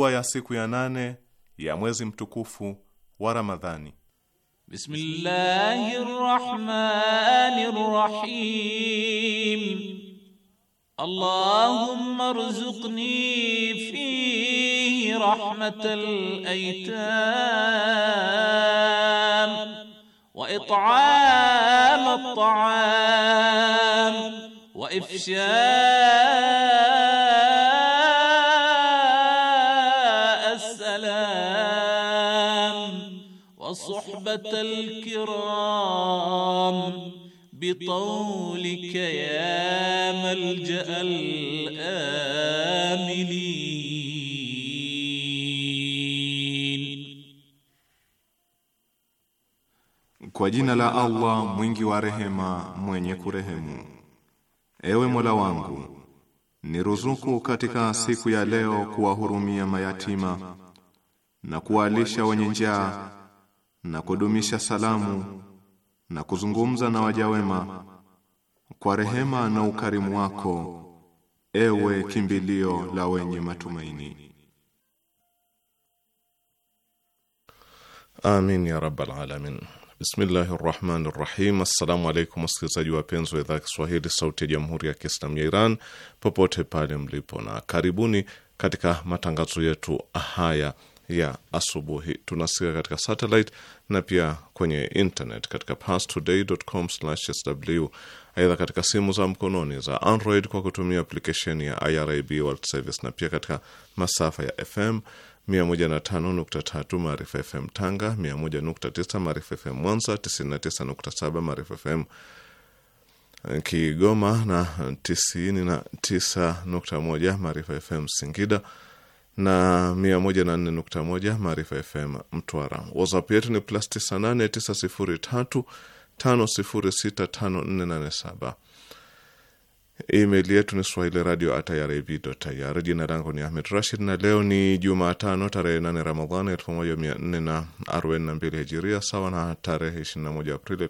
dua ya siku ya nane ya mwezi mtukufu wa Ramadhani. Bismillahir Rahmanir Rahim. Allahumma rzuqni fihi rahmatal aytam wa it'am at ta'am wa ifsha صحبه الكرام بطولك يا ملجا الاملين Kwa jina la Allah mwingi wa rehema mwenye kurehemu Ewe Mola wangu niruzuku katika siku ya leo kuwahurumia mayatima na kuwalisha wenye njaa na kudumisha salamu na kuzungumza na waja wema kwa rehema na ukarimu wako, ewe kimbilio la wenye matumaini. Amin ya rabbal alamin. Bismillahi rahmani rahim. Assalamu alaikum wasikilizaji wapenzi wa idhaa ya Kiswahili sauti ya jamhuri ya Kiislamu ya Iran popote pale mlipo, na karibuni katika matangazo yetu haya ya asubuhi. Tunasikia katika satellite na pia kwenye internet katika pastoday.com/sw. Aidha, katika simu za mkononi za Android kwa kutumia application ya IRIB World Service na pia katika masafa ya FM 105.3 Maarifa FM Tanga, 101.9 Maarifa FM Mwanza, 99.7 Maarifa FM Kigoma na 99.1 Maarifa FM Singida na 104.1 Maarifa FM Mtwara. WhatsApp yetu ni plus 98 903 5065487. Email yetu ni swahili radio atirivr. Jina langu ni Ahmed Rashid na leo ni Jumatano tarehe 8 Ramadhani mbili Hijiria, sawa na tarehe 21 Aprili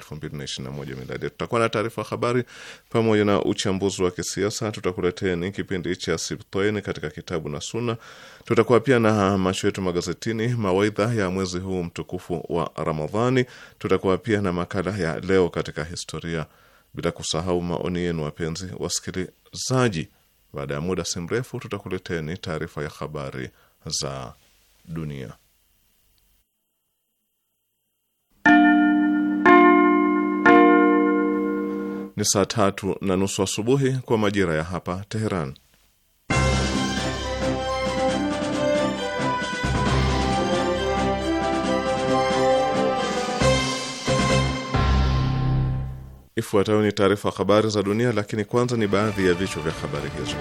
moja Miladi. Tutakuwa na taarifa habari pamoja na uchambuzi wa kisiasa. tutakuletea ni kipindi cha Sibtain katika kitabu na Suna. Tutakuwa pia na macho yetu magazetini, mawaidha ya mwezi huu mtukufu wa Ramadhani. Tutakuwa pia na makala ya leo katika historia bila kusahau maoni yenu, wapenzi wasikilizaji. Baada ya muda si mrefu, tutakuleteni taarifa ya habari za dunia. Ni saa tatu na nusu asubuhi kwa majira ya hapa Teheran. Ifuatayo ni taarifa habari za dunia, lakini kwanza ni baadhi ya vichwa vya habari hizo.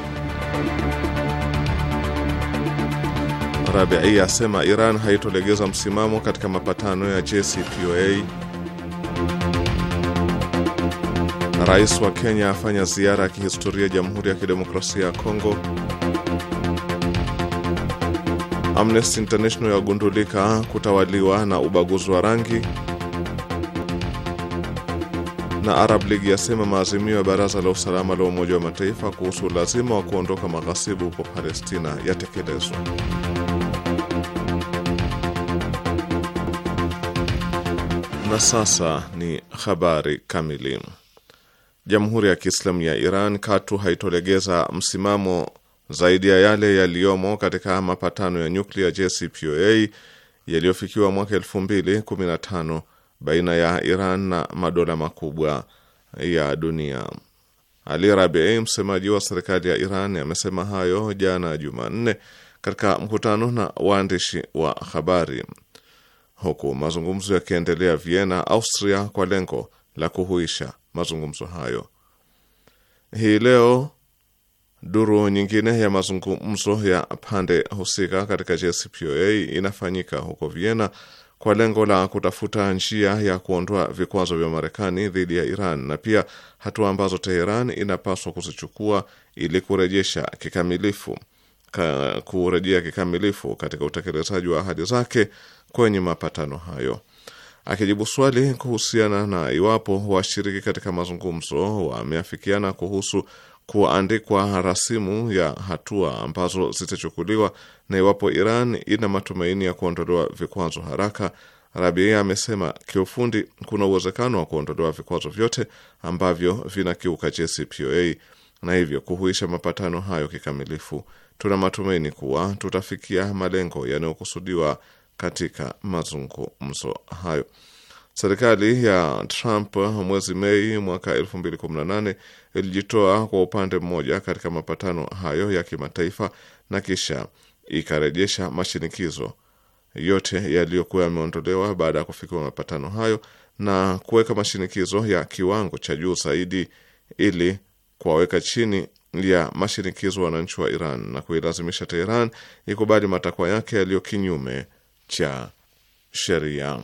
Rabii asema Iran haitolegeza msimamo katika mapatano ya JCPOA. Rais wa Kenya afanya ziara ya kihistoria Jamhuri ya Kidemokrasia ya Kongo. Amnesty International yagundulika kutawaliwa na ubaguzi wa rangi na Arab League yasema maazimio ya baraza la usalama la Umoja wa Mataifa kuhusu ulazima wa kuondoka maghasibu huko Palestina yatekelezwa. Na sasa ni habari kamili. Jamhuri ya Kiislamu ya Iran katu haitolegeza msimamo zaidi ya yale yaliyomo katika mapatano ya nyuklia JCPOA yaliyofikiwa mwaka 2015 baina ya Iran na madola makubwa ya dunia. Ali Rabii, msemaji wa serikali ya Iran, amesema hayo jana Jumanne katika mkutano na waandishi wa habari, huku mazungumzo yakiendelea Vienna, Austria, kwa lengo la kuhuisha mazungumzo hayo. Hii leo duru nyingine ya mazungumzo ya pande husika katika JCPOA inafanyika huko Vienna kwa lengo la kutafuta njia ya kuondoa vikwazo vya Marekani dhidi ya Iran na pia hatua ambazo Teheran inapaswa kuzichukua ili kurejesha kikamilifu ka, kurejea kikamilifu katika utekelezaji wa ahadi zake kwenye mapatano hayo akijibu swali kuhusiana na iwapo washiriki katika mazungumzo wameafikiana kuhusu kuandikwa rasimu ya hatua ambazo zitachukuliwa na iwapo Iran ina matumaini ya kuondolewa vikwazo haraka, Rabia amesema kiufundi kuna uwezekano wa kuondolewa vikwazo vyote ambavyo vinakiuka JCPOA na hivyo kuhuisha mapatano hayo kikamilifu. Tuna matumaini kuwa tutafikia malengo yanayokusudiwa katika mazungumzo hayo. Serikali ya Trump mwezi Mei mwaka 2018 ilijitoa kwa upande mmoja katika mapatano hayo ya kimataifa na kisha ikarejesha mashinikizo yote yaliyokuwa yameondolewa baada ya kufikiwa mapatano hayo na kuweka mashinikizo ya kiwango cha juu zaidi ili kuwaweka chini ya mashinikizo wananchi wa Iran na kuilazimisha Teheran ikubali matakwa yake yaliyo kinyume cha sheria.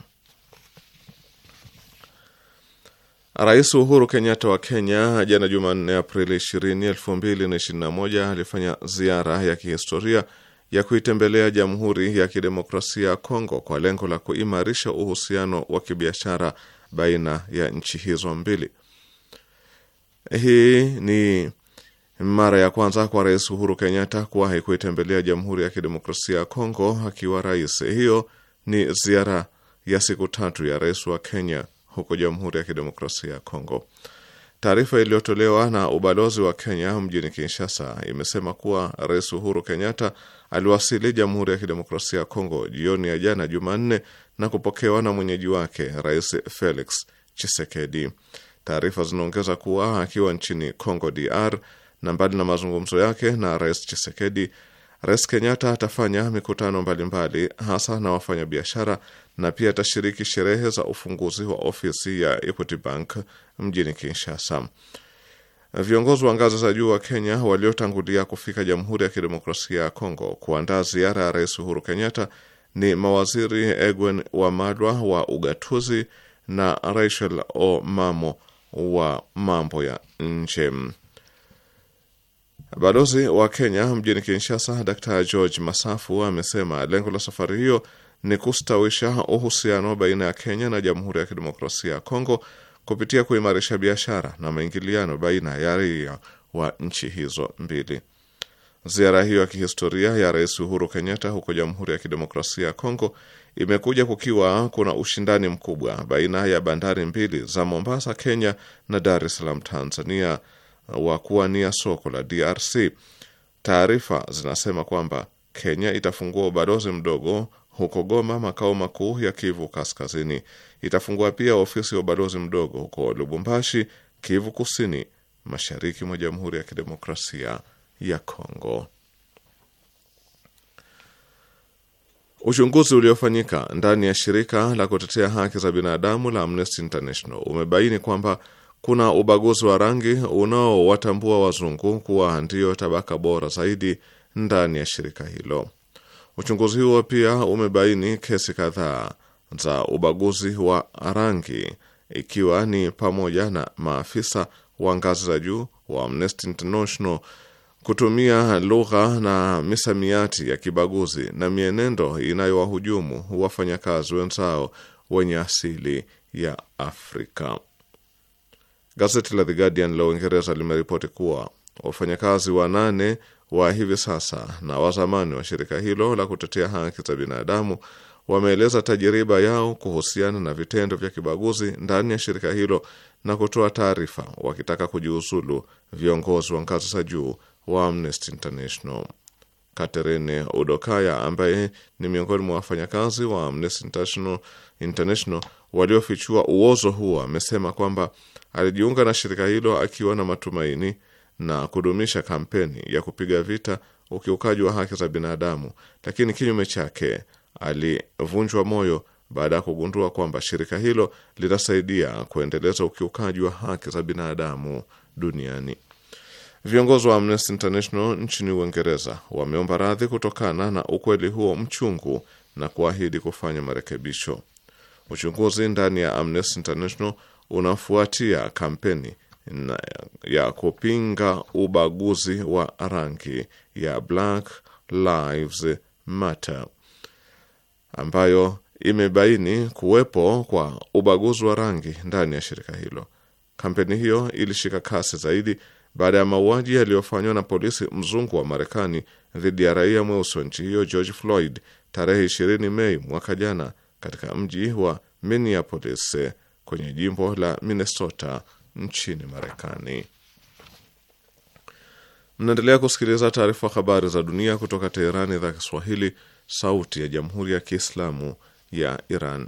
Rais Uhuru Kenyatta wa Kenya jana Jumanne, Aprili 20, 2021 alifanya ziara ya kihistoria ya kuitembelea Jamhuri ya Kidemokrasia ya Kongo kwa lengo la kuimarisha uhusiano wa kibiashara baina ya nchi hizo mbili. Hii ni mara ya kwanza kwa Rais Uhuru Kenyatta kuwahi kuitembelea Jamhuri ya Kidemokrasia ya Kongo akiwa rais. Hiyo ni ziara ya siku tatu ya rais wa Kenya huko Jamhuri ya Kidemokrasia ya Kongo. Taarifa iliyotolewa na ubalozi wa Kenya mjini Kinshasa imesema kuwa Rais Uhuru Kenyatta aliwasili Jamhuri ya Kidemokrasia ya Kongo jioni ya jana Jumanne na kupokewa na mwenyeji wake Rais Felix chisekedi Taarifa zinaongeza kuwa akiwa nchini Kongo DR na mbali na mazungumzo yake na Rais Chisekedi, Rais Kenyatta atafanya mikutano mbalimbali mbali, hasa na wafanyabiashara na pia atashiriki sherehe za ufunguzi wa ofisi ya Equity Bank mjini Kinshasa. Viongozi wa ngazi za juu wa Kenya waliotangulia kufika Jamhuri ya Kidemokrasia ya Kongo kuandaa ziara ya Rais Uhuru Kenyatta ni mawaziri Egwen Wamalwa wa ugatuzi na Rachel Omamo wa mambo ya nje. Balozi wa Kenya mjini Kinshasa, Dr George Masafu amesema lengo la safari hiyo ni kustawisha uhusiano baina ya Kenya na Jamhuri ya Kidemokrasia ya Kongo kupitia kuimarisha biashara na maingiliano baina ya raia wa nchi hizo mbili. Ziara hiyo ya kihistoria ya Rais Uhuru Kenyatta huko Jamhuri ya Kidemokrasia ya Kongo imekuja kukiwa kuna ushindani mkubwa baina ya bandari mbili za Mombasa, Kenya na Dar es Salaam, Tanzania wa kuwania soko la DRC. Taarifa zinasema kwamba Kenya itafungua ubalozi mdogo huko Goma, makao makuu ya Kivu Kaskazini. Itafungua pia ofisi ya ubalozi mdogo huko Lubumbashi, Kivu Kusini, mashariki mwa Jamhuri ya Kidemokrasia ya Kongo. Uchunguzi uliofanyika ndani ya shirika la kutetea haki za binadamu la Amnesty International umebaini kwamba kuna ubaguzi wa rangi unaowatambua wazungu kuwa ndiyo tabaka bora zaidi ndani ya shirika hilo. Uchunguzi huo pia umebaini kesi kadhaa za ubaguzi wa rangi, ikiwa ni pamoja na maafisa wa ngazi za juu wa Amnesty International kutumia lugha na misamiati ya kibaguzi na mienendo inayowahujumu wafanyakazi wenzao wenye asili ya Afrika. Gazeti la The Guardian la Uingereza limeripoti kuwa wafanyakazi wanane wa hivi sasa na wa zamani wa shirika hilo la kutetea haki za binadamu wameeleza tajiriba yao kuhusiana na vitendo vya kibaguzi ndani ya shirika hilo na kutoa taarifa wakitaka kujiuzulu viongozi wa ngazi za juu wa Amnesty International. Katerine Udokaya ambaye ni miongoni mwa wafanyakazi wa Amnesty International waliofichua uozo huo amesema kwamba alijiunga na shirika hilo akiwa na matumaini na kudumisha kampeni ya kupiga vita ukiukaji wa haki za binadamu, lakini kinyume chake alivunjwa moyo baada ya kugundua kwamba shirika hilo linasaidia kuendeleza ukiukaji wa haki za binadamu duniani. Viongozi wa Amnesty International nchini Uingereza wameomba radhi kutokana na ukweli huo mchungu na kuahidi kufanya marekebisho. Uchunguzi ndani ya Amnesty International unafuatia kampeni na ya kupinga ubaguzi wa rangi ya Black Lives Matter ambayo imebaini kuwepo kwa ubaguzi wa rangi ndani ya shirika hilo. Kampeni hiyo ilishika kasi zaidi baada ya mauaji yaliyofanywa na polisi mzungu wa Marekani dhidi ya raia mweusi wa nchi hiyo George Floyd tarehe 20 Mei mwaka jana katika mji wa Minneapolis kwenye jimbo la Minnesota nchini Marekani. Mnaendelea kusikiliza taarifa habari za dunia kutoka Teherani, idhaa Kiswahili, sauti ya jamhuri ya kiislamu ya Iran.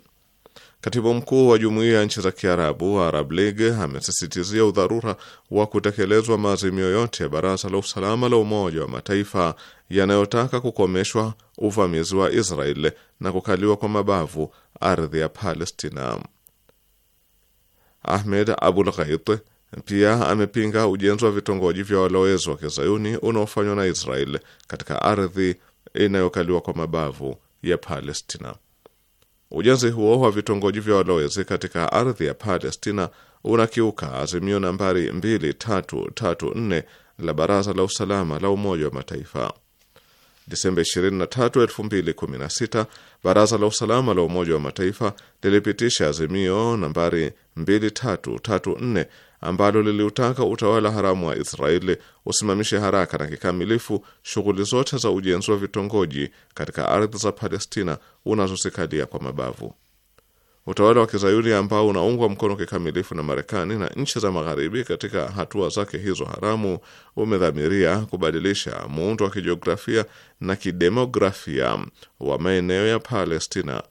Katibu mkuu wa jumuiya ya nchi za Kiarabu, Arab League, amesisitizia udharura wa kutekelezwa maazimio yote ya baraza la usalama la Umoja wa Mataifa yanayotaka kukomeshwa uvamizi wa Israel na kukaliwa kwa mabavu ardhi ya Palestina. Ahmed Abul Gheit pia amepinga ujenzi wa vitongoji vya walowezi wa kizayuni unaofanywa na Israel katika ardhi inayokaliwa kwa mabavu ya Palestina. Ujenzi huo wa vitongoji vya walowezi katika ardhi ya Palestina unakiuka azimio nambari 2334 la Baraza la Usalama la Umoja wa Mataifa. Disemba 23, 2016, Baraza la Usalama la Umoja wa Mataifa lilipitisha azimio nambari 2334 ambalo liliutaka utawala haramu wa Israeli usimamishe haraka na kikamilifu shughuli zote za ujenzi wa vitongoji katika ardhi za Palestina unazozikalia kwa mabavu. Utawala wa kizayuni ambao unaungwa mkono kikamilifu na Marekani na nchi za Magharibi katika hatua zake hizo haramu umedhamiria kubadilisha muundo wa kijiografia na kidemografia wa maeneo ya Palestina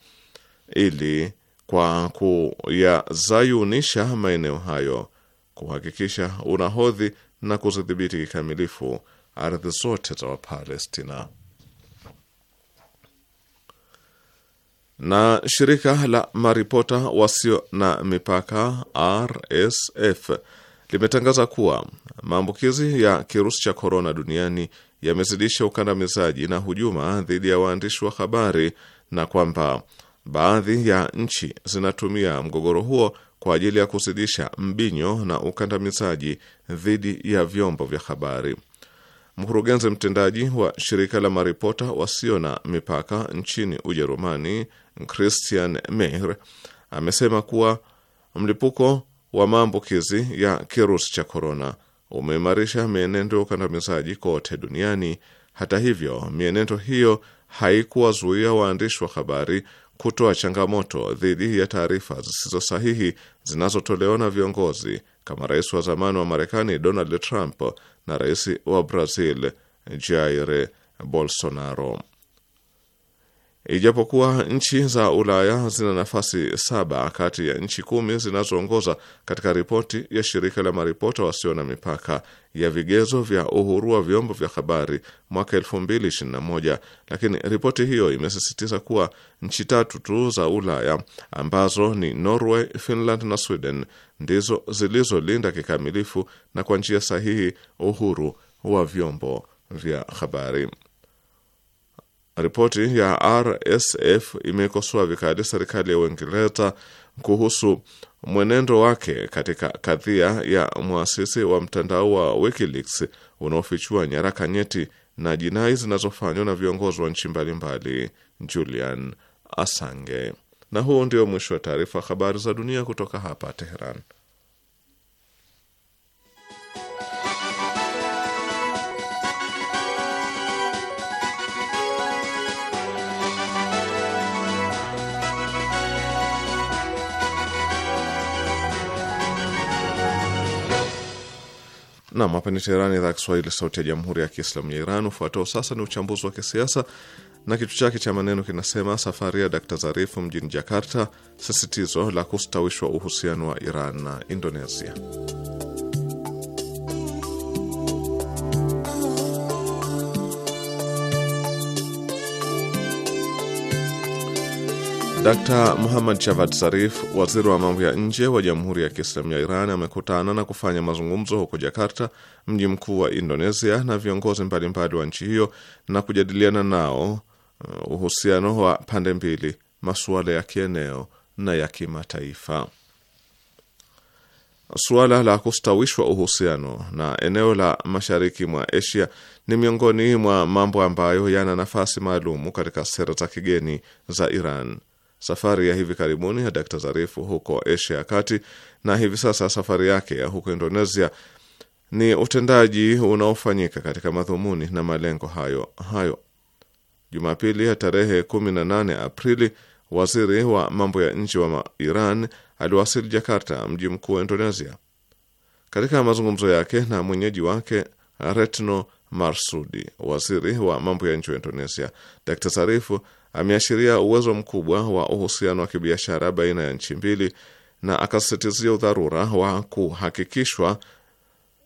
ili kwa kuyazayunisha maeneo hayo kuhakikisha unahodhi na kuzidhibiti kikamilifu ardhi zote za Wapalestina. na shirika la maripota wasio na mipaka RSF limetangaza kuwa maambukizi ya kirusi cha korona duniani yamezidisha ukandamizaji na hujuma dhidi ya waandishi wa habari na kwamba baadhi ya nchi zinatumia mgogoro huo kwa ajili ya kuzidisha mbinyo na ukandamizaji dhidi ya vyombo vya habari. Mkurugenzi mtendaji wa shirika la maripota wasio na mipaka nchini Ujerumani Christian Meir amesema kuwa mlipuko wa maambukizi ya kirusi cha korona umeimarisha mienendo ya ukandamizaji kote duniani. Hata hivyo, mienendo hiyo haikuwazuia waandishi wa habari kutoa changamoto dhidi ya taarifa zisizo sahihi zinazotolewa na viongozi kama rais wa zamani wa Marekani Donald Trump na rais wa Brazil Jair Bolsonaro. Ijapokuwa nchi za Ulaya zina nafasi saba kati ya nchi kumi zinazoongoza katika ripoti ya shirika la maripota wasio na mipaka ya vigezo vya uhuru wa vyombo vya habari mwaka 2021, lakini ripoti hiyo imesisitiza kuwa nchi tatu tu za Ulaya ambazo ni Norway, Finland na Sweden ndizo zilizolinda kikamilifu na kwa njia sahihi uhuru wa vyombo vya habari. Ripoti ya RSF imekosoa vikali serikali ya Uingereza kuhusu mwenendo wake katika kadhia ya mwasisi wa mtandao wa WikiLeaks unaofichua nyaraka nyeti na jinai zinazofanywa na viongozi wa nchi mbalimbali Julian Assange. Na huo ndio mwisho wa taarifa habari za dunia kutoka hapa Teheran. Nam, hapa ni Teherani, idhaa ya Kiswahili, sauti ya jamhuri ya kiislamu ya Iran. Ufuatao sasa ni uchambuzi wa kisiasa na kichwa chake cha maneno kinasema safari ya Dakta Zarifu mjini Jakarta, sisitizo la kustawishwa uhusiano wa Iran na Indonesia. Dkt Muhammad Javad Zarif, waziri wa mambo ya nje wa Jamhuri ya Kiislamu ya Iran, amekutana na kufanya mazungumzo huko Jakarta, mji mkuu wa Indonesia, na viongozi mbalimbali wa nchi hiyo na kujadiliana nao uh, uhusiano wa pande mbili, masuala ya kieneo na ya kimataifa. Suala la kustawishwa uhusiano na eneo la mashariki mwa Asia ni miongoni mwa mambo ambayo yana nafasi maalumu katika sera za kigeni za Iran. Safari ya hivi karibuni ya Dkt Zarifu huko Asia ya Kati na hivi sasa safari yake ya huko Indonesia ni utendaji unaofanyika katika madhumuni na malengo hayo hayo. Jumapili ya tarehe 18 Aprili, waziri wa mambo ya nje wa Iran aliwasili Jakarta, mji mkuu wa Indonesia. Katika mazungumzo yake na mwenyeji wake Retno Marsudi, waziri wa mambo ya nje wa Indonesia, Dkt Sarifu ameashiria uwezo mkubwa wa uhusiano wa kibiashara baina ya nchi mbili na akasisitizia udharura wa kuhakikishwa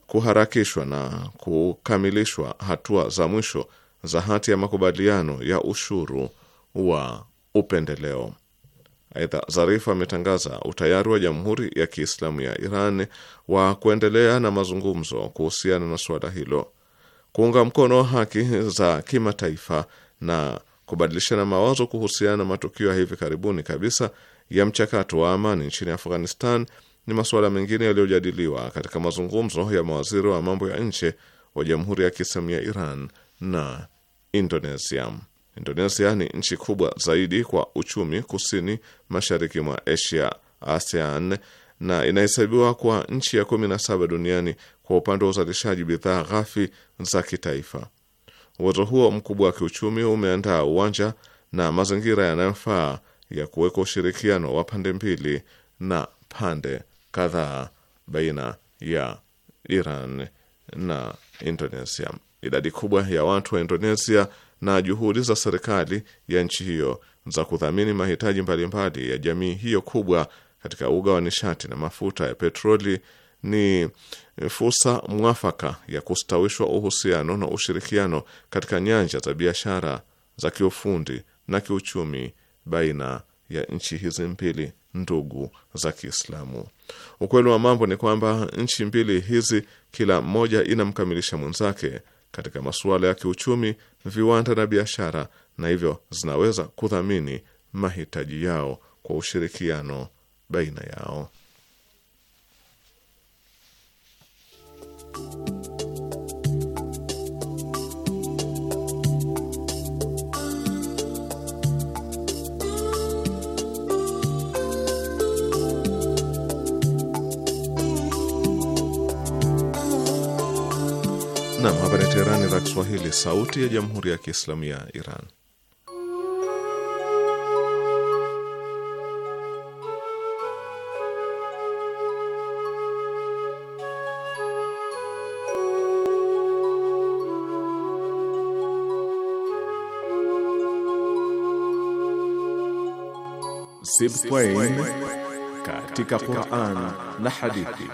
kuharakishwa na kukamilishwa hatua za mwisho za hati ya makubaliano ya ushuru wa upendeleo. Aidha, Zarifu ametangaza utayari wa Jamhuri ya Kiislamu ya Iran wa kuendelea na mazungumzo kuhusiana na suala hilo, kuunga mkono haki za kimataifa na kubadilishana mawazo kuhusiana na matukio ya hivi karibuni kabisa ya mchakato wa amani nchini Afghanistan ni masuala mengine yaliyojadiliwa katika mazungumzo ya mawaziri wa mambo ya nje wa Jamhuri ya Kiislamu ya Iran na Indonesia. Indonesia ni nchi kubwa zaidi kwa uchumi kusini mashariki mwa Asia, ASEAN, na inahesabiwa kwa nchi ya 1na saba duniani kwa upande wa uzalishaji bidhaa ghafi za kitaifa. Uwezo huo mkubwa wa kiuchumi umeandaa uwanja na mazingira yanayofaa ya kuweka ushirikiano wa pande mbili na pande kadhaa baina ya Iran na Indonesia. Idadi kubwa ya watu wa Indonesia na juhudi za serikali ya nchi hiyo za kudhamini mahitaji mbalimbali ya jamii hiyo kubwa katika uga wa nishati na mafuta ya petroli ni eh, fursa mwafaka ya kustawishwa uhusiano na ushirikiano katika nyanja za biashara, za kiufundi na kiuchumi baina ya nchi hizi mbili ndugu za Kiislamu. Ukweli wa mambo ni kwamba nchi mbili hizi kila mmoja inamkamilisha mwenzake katika masuala ya kiuchumi, viwanda na biashara, na hivyo zinaweza kudhamini mahitaji yao kwa ushirikiano baina yao. Nam, hapa ni Teherani, idhaa Kiswahili, sauti ya jamhuri ya kiislamu ya Iran. Sibtain katika Qur'an na hadithi.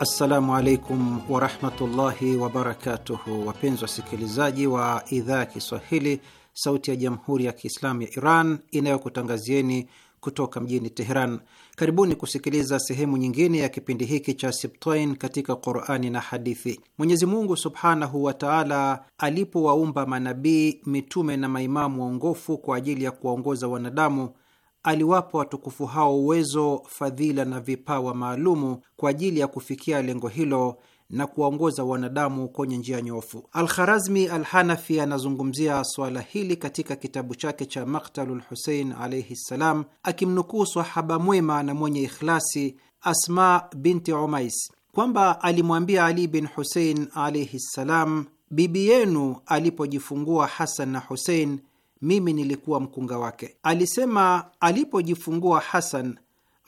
Assalamu alaikum warahmatullahi wabarakatuhu, wapenzi wasikilizaji wa idhaa ya Kiswahili, sauti ya jamhuri ya kiislamu ya Iran inayokutangazieni kutoka mjini Teheran. Karibuni kusikiliza sehemu nyingine ya kipindi hiki cha Sibtain katika Qurani na hadithi. Mwenyezi Mungu subhanahu wa taala alipowaumba manabii, mitume na maimamu waongofu kwa ajili ya kuwaongoza wanadamu aliwapa watukufu hao uwezo, fadhila na vipawa maalumu kwa ajili ya kufikia lengo hilo na kuwaongoza wanadamu kwenye njia nyofu. Alkharazmi Alhanafi anazungumzia swala hili katika kitabu chake cha Maktalu Lhusein alaihi ssalam, akimnukuu swahaba mwema na mwenye ikhlasi Asma binti Umais kwamba alimwambia Ali bin Husein alaihi ssalam, bibi yenu alipojifungua Hasan na Husein, mimi nilikuwa mkunga wake. Alisema, alipojifungua Hasan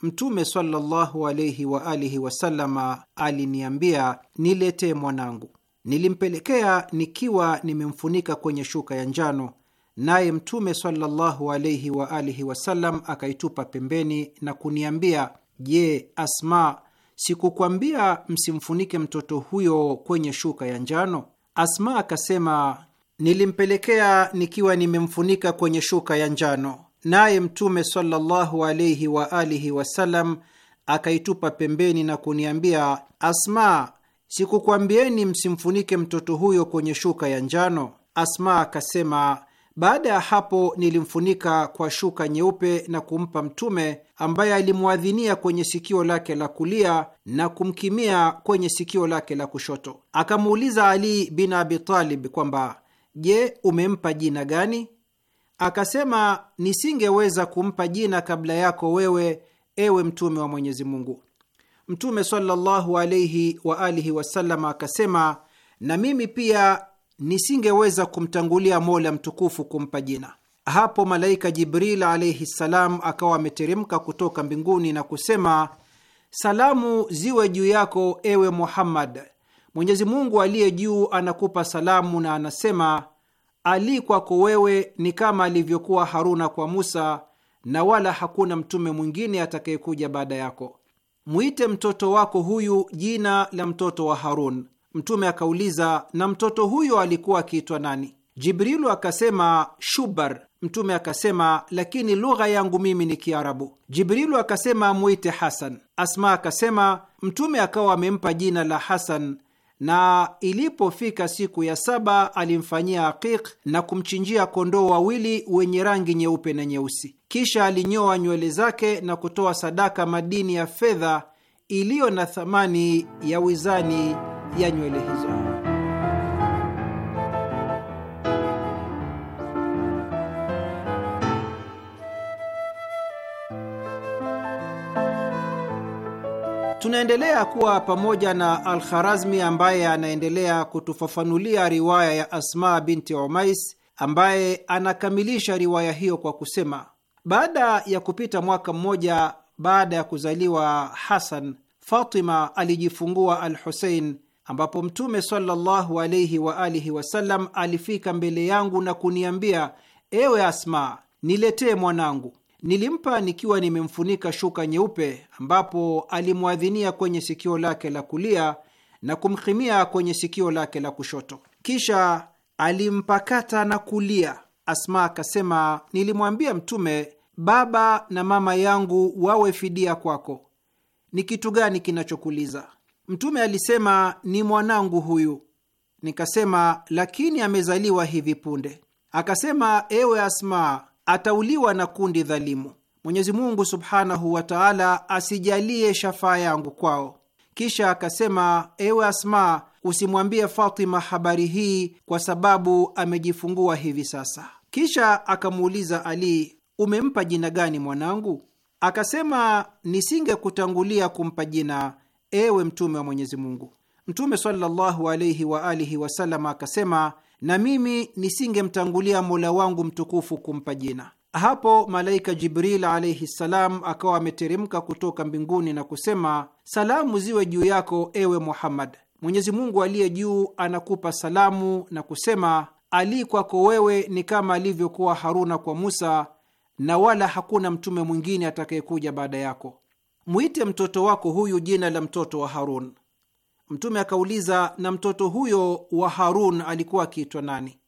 Mtume sallallahu alayhi wa alihi wasallama aliniambia, niletee mwanangu. Nilimpelekea nikiwa nimemfunika kwenye shuka ya njano, naye Mtume sallallahu alayhi wa alihi wasallam akaitupa pembeni na kuniambia, je, Asma, sikukwambia msimfunike mtoto huyo kwenye shuka ya njano? Asma akasema, nilimpelekea nikiwa nimemfunika kwenye shuka ya njano naye Mtume sallallahu alaihi wa alihi wasallam akaitupa pembeni na kuniambia, Asma, sikukwambieni msimfunike mtoto huyo kwenye shuka ya njano? Asma akasema, baada ya hapo nilimfunika kwa shuka nyeupe na kumpa Mtume, ambaye alimwadhinia kwenye sikio lake la kulia na kumkimia kwenye sikio lake la kushoto. Akamuuliza Ali bin Abi Talib kwamba je, umempa jina gani? akasema, nisingeweza kumpa jina kabla yako wewe, ewe mtume wa Mwenyezi Mungu. Mtume sallallahu alaihi wa alihi wasallam akasema, na mimi pia nisingeweza kumtangulia Mola mtukufu kumpa jina. Hapo malaika Jibril alaihi ssalam akawa ameteremka kutoka mbinguni na kusema, salamu ziwe juu yako ewe Muhammad, Mwenyezi Mungu aliye juu anakupa salamu na anasema ali kwako wewe ni kama alivyokuwa Haruna kwa Musa, na wala hakuna mtume mwingine atakayekuja baada yako. Mwite mtoto wako huyu jina la mtoto wa Harun. Mtume akauliza, na mtoto huyo alikuwa akiitwa nani? Jibrilu akasema Shubar. Mtume akasema, lakini lugha yangu mimi ni Kiarabu. Jibrilu akasema, mwite Hasan. Asma akasema, Mtume akawa amempa jina la Hasan na ilipofika siku ya saba alimfanyia akik na kumchinjia kondoo wawili wenye rangi nyeupe na nyeusi. Kisha alinyoa nywele zake na kutoa sadaka madini ya fedha iliyo na thamani ya wizani ya nywele hizo. Tunaendelea kuwa pamoja na Alkharazmi ambaye anaendelea kutufafanulia riwaya ya Asma binti Umais ambaye anakamilisha riwaya hiyo kwa kusema, baada ya kupita mwaka mmoja baada ya kuzaliwa Hasan, Fatima alijifungua al Husein, ambapo Mtume sallallahu alaihi wa alihi wasallam alifika mbele yangu na kuniambia, ewe Asma, niletee mwanangu. Nilimpa nikiwa nimemfunika shuka nyeupe, ambapo alimwadhinia kwenye sikio lake la kulia na kumhimia kwenye sikio lake la kushoto, kisha alimpakata na kulia. Asma akasema, nilimwambia Mtume, baba na mama yangu wawe fidia kwako, ni kitu gani kinachokuliza? Mtume alisema, ni mwanangu huyu. Nikasema, lakini amezaliwa hivi punde. Akasema, ewe Asma, atauliwa na kundi dhalimu. Mwenyezi Mungu subhanahu wa taala asijalie shafaa yangu kwao. Kisha akasema, ewe Asma, usimwambie Fatima habari hii kwa sababu amejifungua hivi sasa. Kisha akamuuliza Ali, umempa jina gani mwanangu? Akasema, nisingekutangulia kumpa jina, ewe Mtume wa Mwenyezi Mungu. Mtume sallallahu alaihi wasallam akasema na mimi nisingemtangulia Mola wangu mtukufu kumpa jina. Hapo malaika Jibril alaihi ssalam akawa ameteremka kutoka mbinguni na kusema, salamu ziwe juu yako ewe Muhammad, Mwenyezi Mungu aliye juu anakupa salamu na kusema, Ali kwako wewe ni kama alivyokuwa Haruna kwa Musa, na wala hakuna mtume mwingine atakayekuja baada yako. Mwite mtoto wako huyu jina la mtoto wa Harun. Mtume akauliza, na mtoto huyo wa Harun alikuwa akiitwa nani?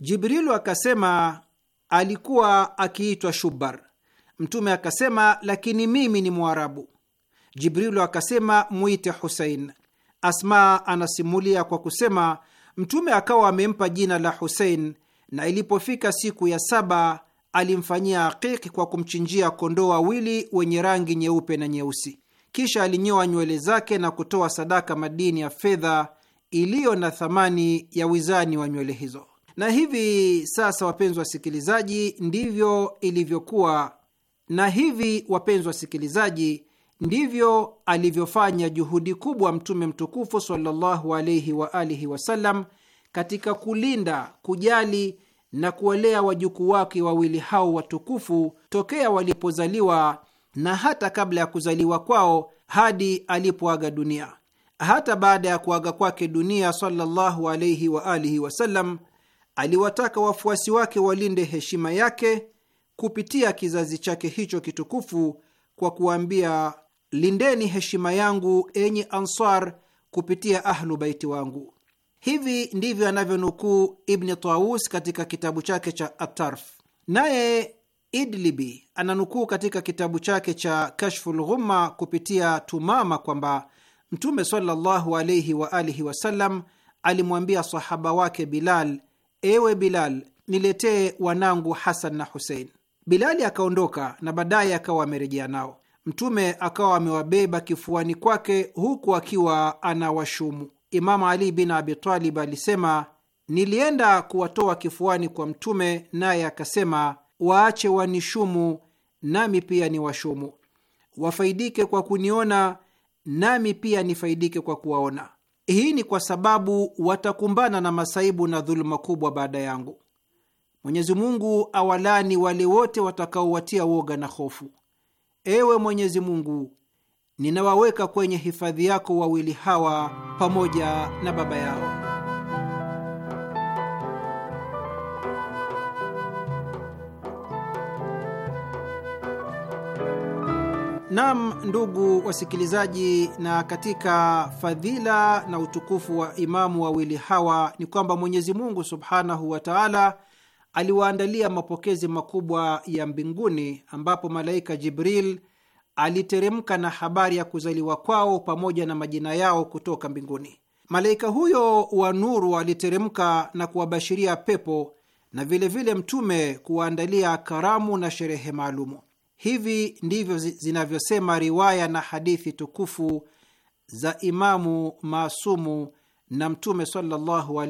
Jibrilu akasema, alikuwa akiitwa Shubar. Mtume akasema, lakini mimi ni Mwarabu. Jibrilu akasema, mwite Husein. Asma anasimulia kwa kusema, Mtume akawa amempa jina la Husein, na ilipofika siku ya saba alimfanyia akiki kwa kumchinjia kondoo wawili wenye rangi nyeupe na nyeusi. Kisha alinyoa nywele zake na kutoa sadaka madini ya fedha iliyo na thamani ya wizani wa nywele hizo. Na hivi sasa, wapenzi wasikilizaji, ndivyo ilivyokuwa, na hivi wapenzi wasikilizaji, ndivyo alivyofanya juhudi kubwa Mtume mtukufu sallallahu alaihi wa alihi wasallam katika kulinda, kujali na kuwalea wajukuu wake wawili hao watukufu tokea walipozaliwa na hata kabla ya kuzaliwa kwao hadi alipoaga dunia. Hata baada ya kuaga kwake dunia sallallahu wa alihi wasallam, aliwataka wafuasi wake walinde heshima yake kupitia kizazi chake hicho kitukufu kwa kuwambia lindeni heshima yangu enyi Ansar kupitia Ahlu Baiti wangu. Hivi ndivyo anavyonukuu Ibni Taus katika kitabu chake cha Atarf. Naye Idlibi ananukuu katika kitabu chake cha Kashful Ghumma kupitia Tumama kwamba Mtume sallallahu alaihi wa alihi wasallam alimwambia sahaba wake Bilal, ewe Bilal, niletee wanangu Hasan na Husein. Bilali akaondoka na baadaye akawa amerejea nao. Mtume akawa amewabeba kifuani kwake huku akiwa anawashumu. Imamu Ali bin Abitalib alisema, nilienda kuwatoa kifuani kwa Mtume, naye akasema waache wanishumu nami pia ni washumu, wafaidike kwa kuniona, nami pia nifaidike kwa kuwaona. Hii ni kwa sababu watakumbana na masaibu na dhuluma kubwa baada yangu. Mwenyezi Mungu awalani wale wote watakaowatia woga na hofu. Ewe Mwenyezi Mungu, ninawaweka kwenye hifadhi yako wawili hawa pamoja na baba yao. Nam, ndugu wasikilizaji, na katika fadhila na utukufu wa imamu wawili hawa ni kwamba Mwenyezi Mungu subhanahu wa taala aliwaandalia mapokezi makubwa ya mbinguni, ambapo malaika Jibril aliteremka na habari ya kuzaliwa kwao pamoja na majina yao kutoka mbinguni. Malaika huyo wa nuru aliteremka na kuwabashiria pepo na vilevile vile mtume kuwaandalia karamu na sherehe maalumu. Hivi ndivyo zinavyosema riwaya na hadithi tukufu za Imamu Masumu na Mtume sallallahu wa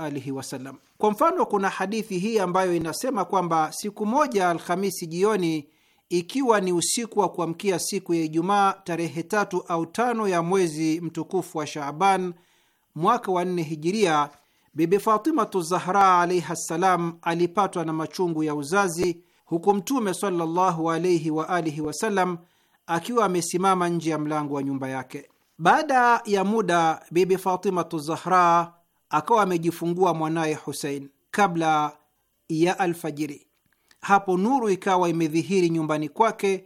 alihi wasallam. Kwa mfano, kuna hadithi hii ambayo inasema kwamba siku moja Alhamisi jioni, ikiwa ni usiku wa kuamkia siku ya Ijumaa tarehe tatu au tano ya mwezi mtukufu wa Shaaban mwaka wa nne hijiria, Bibi Fatimatu Zahra alaihi ssalam alipatwa na machungu ya uzazi huku Mtume sallallahu alaihi wa alihi wasallam akiwa amesimama nje ya mlango wa nyumba yake. Baada ya muda, Bibi Fatimatu Zahra akawa amejifungua mwanaye Husein kabla ya alfajiri. Hapo nuru ikawa imedhihiri nyumbani kwake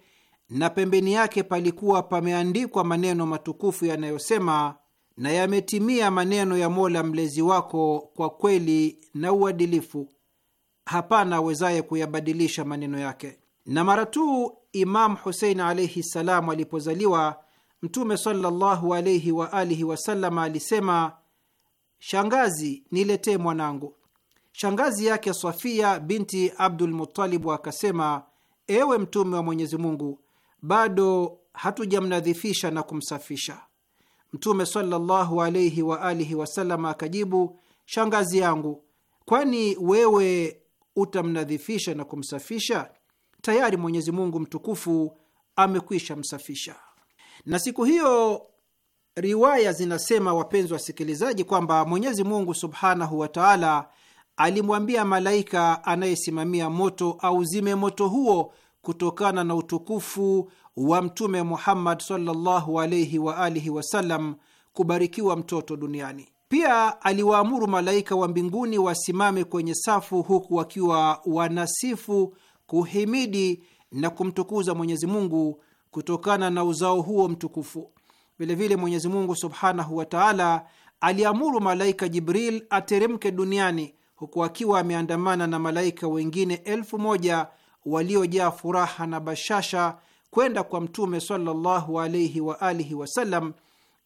na pembeni yake palikuwa pameandikwa maneno matukufu yanayosema: na yametimia maneno ya Mola mlezi wako kwa kweli na uadilifu hapana awezaye kuyabadilisha maneno yake. Na mara tu Imamu Husein alaihi ssalam alipozaliwa, Mtume sallallahu alaihi wa alihi wasallam alisema, shangazi, niletee mwanangu. Shangazi yake Safia binti Abdul Muttalibu akasema, ewe Mtume wa Mwenyezi Mungu, bado hatujamnadhifisha na kumsafisha. Mtume sallallahu alaihi wa alihi wasallam akajibu, shangazi yangu, kwani wewe utamnadhifisha na kumsafisha? Tayari Mwenyezi Mungu mtukufu amekwisha msafisha. Na siku hiyo riwaya zinasema, wapenzi wasikilizaji, kwamba Mwenyezi Mungu subhanahu wa taala alimwambia malaika anayesimamia moto auzime moto huo kutokana na utukufu wa Mtume Muhammad sallallahu alaihi wa alihi wasallam, kubarikiwa mtoto duniani. Pia aliwaamuru malaika wa mbinguni wasimame kwenye safu, huku wakiwa wanasifu, kuhimidi na kumtukuza Mwenyezi Mungu kutokana na uzao huo mtukufu. Vilevile Mwenyezi Mungu subhanahu wa taala aliamuru malaika Jibril ateremke duniani huku akiwa ameandamana na malaika wengine elfu moja waliojaa furaha na bashasha kwenda kwa Mtume sallallahu alaihi waalihi wasallam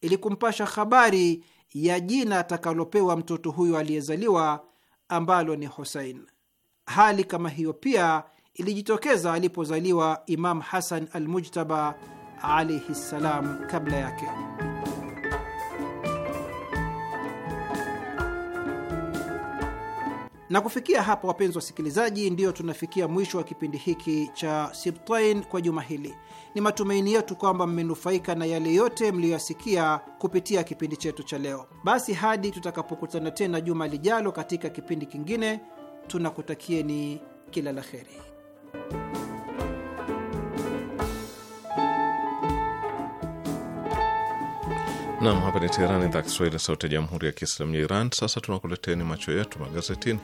ili kumpasha habari ya jina atakalopewa mtoto huyo aliyezaliwa ambalo ni Husein. Hali kama hiyo pia ilijitokeza alipozaliwa Imam Hasan Almujtaba alaihi ssalam kabla yake. Na kufikia hapa, wapenzi wasikilizaji, ndio tunafikia mwisho wa kipindi hiki cha Sibtain kwa juma hili. Ni matumaini yetu kwamba mmenufaika na yale yote mliyoyasikia kupitia kipindi chetu cha leo. Basi hadi tutakapokutana tena juma lijalo katika kipindi kingine, tunakutakieni kila la heri. Nam, hapa ni Teherani, idhaa Kiswahili, sauti ya jamhuri ya kiislamu ya Iran. Sasa tunakuleteni macho yetu magazetini.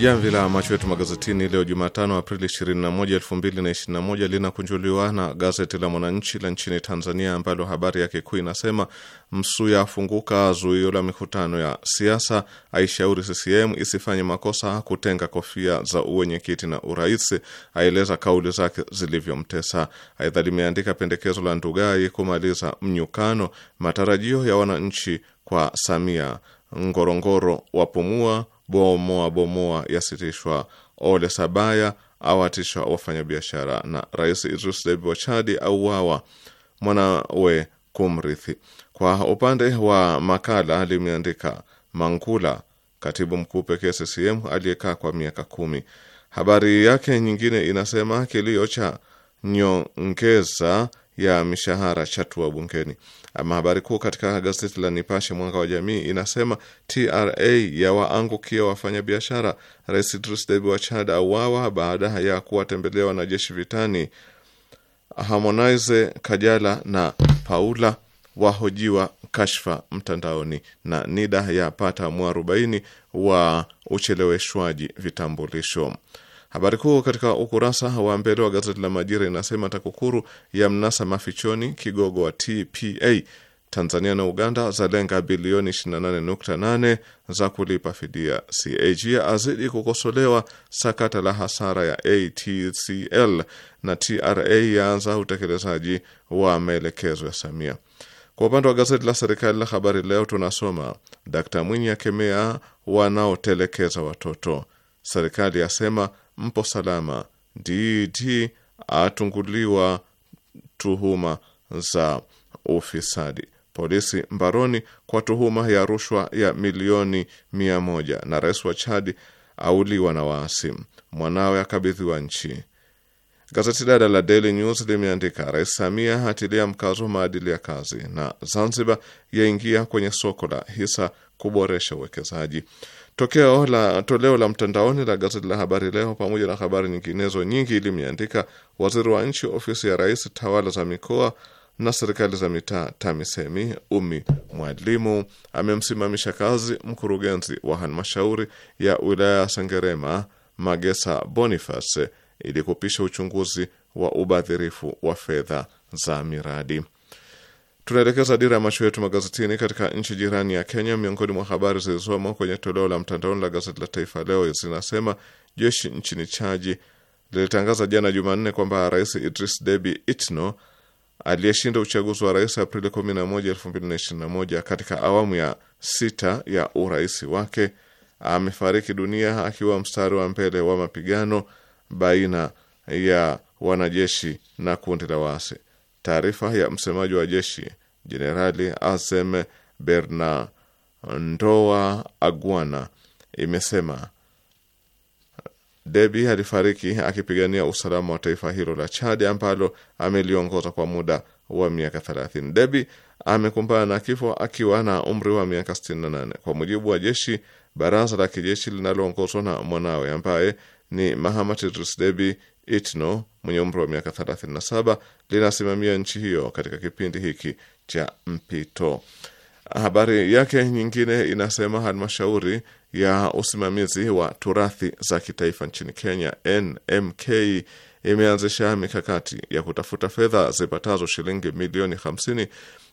Jamvi la macho yetu magazetini leo Jumatano, Aprili 21, 2021 linakunjuliwa na gazeti la Mwananchi la nchini Tanzania, ambalo habari yake kuu inasema Msuya afunguka zuio la mikutano ya siasa, aishauri CCM isifanye makosa kutenga kofia za uwenyekiti na urais, aeleza kauli zake zilivyomtesa. Aidha limeandika pendekezo la Ndugai kumaliza mnyukano, matarajio ya wananchi kwa Samia, Ngorongoro wapumua bomoa bomoa yasitishwa. Ole Sabaya awatisha wafanyabiashara, na Rais Idris Deby wa Chadi auawa, mwanawe kumrithi. Kwa upande wa makala limeandika Mangula, katibu mkuu pekee CCM aliyekaa kwa miaka kumi. Habari yake nyingine inasema kilio cha nyongeza ya mishahara chatua bungeni. Ama habari kuu katika gazeti la Nipashe mwanga wa jamii inasema TRA ya waangukia wafanyabiashara. Rais Idris Deby wa Chad auawa baada ya kuwatembelea wanajeshi vitani. Harmonize, Kajala na Paula wahojiwa kashfa mtandaoni, na NIDA yapata mwarobaini wa ucheleweshwaji vitambulisho. Habari kuu katika ukurasa wa mbele wa gazeti la Majira inasema TAKUKURU ya mnasa mafichoni kigogo wa TPA. Tanzania na Uganda zalenga bilioni 28.8 za kulipa fidia. CAG azidi kukosolewa sakata la hasara ya ATCL na TRA yaanza utekelezaji wa maelekezo ya Samia. Kwa upande wa gazeti la serikali la Habari Leo tunasoma Dkt Mwinyi akemea wanaotelekeza watoto, serikali yasema mpo salama. DT atunguliwa tuhuma za ufisadi. Polisi mbaroni kwa tuhuma ya rushwa ya milioni mia moja na rais wa Chadi auliwa na waasi, mwanawe akabidhiwa nchi. Gazeti dada la Daily News limeandika Rais Samia hatilia mkazo maadili ya kazi, na Zanzibar yaingia kwenye soko la hisa kuboresha uwekezaji. Tokeo la toleo la mtandaoni la gazeti la Habari Leo pamoja na habari nyinginezo nyingi limeandika waziri wa nchi ofisi ya rais tawala za mikoa na serikali za mitaa TAMISEMI Umi Mwalimu amemsimamisha kazi mkurugenzi wa halmashauri ya wilaya ya Sengerema Magesa Boniface ili kupisha uchunguzi wa ubadhirifu wa fedha za miradi. Tunaelekeza dira ya macho yetu magazetini katika nchi jirani ya Kenya. Miongoni mwa habari zilizomo kwenye toleo la mtandaoni la gazeti la Taifa Leo zinasema jeshi nchini Chaji lilitangaza jana Jumanne kwamba Rais Idris Deby Itno aliyeshinda uchaguzi wa rais Aprili 11, 2021 katika awamu ya sita ya urais wake amefariki dunia akiwa mstari wa mbele wa mapigano baina ya wanajeshi na kundi la waasi. Taarifa ya msemaji wa jeshi Jenerali Asem Bernandoa Aguana imesema Debi alifariki akipigania usalama wa taifa hilo la Chad ambalo ameliongoza kwa muda wa miaka 30. Debi amekumbana na kifo akiwa na umri wa miaka 68, kwa mujibu wa jeshi, baraza la kijeshi linaloongozwa na mwanawe ambaye ni Mahamat Idris Debi Itno mwenye umri wa miaka 37 linasimamia nchi hiyo katika kipindi hiki cha mpito. Habari yake nyingine inasema halmashauri ya usimamizi wa turathi za kitaifa nchini Kenya, NMK, imeanzisha mikakati ya kutafuta fedha zipatazo shilingi milioni 50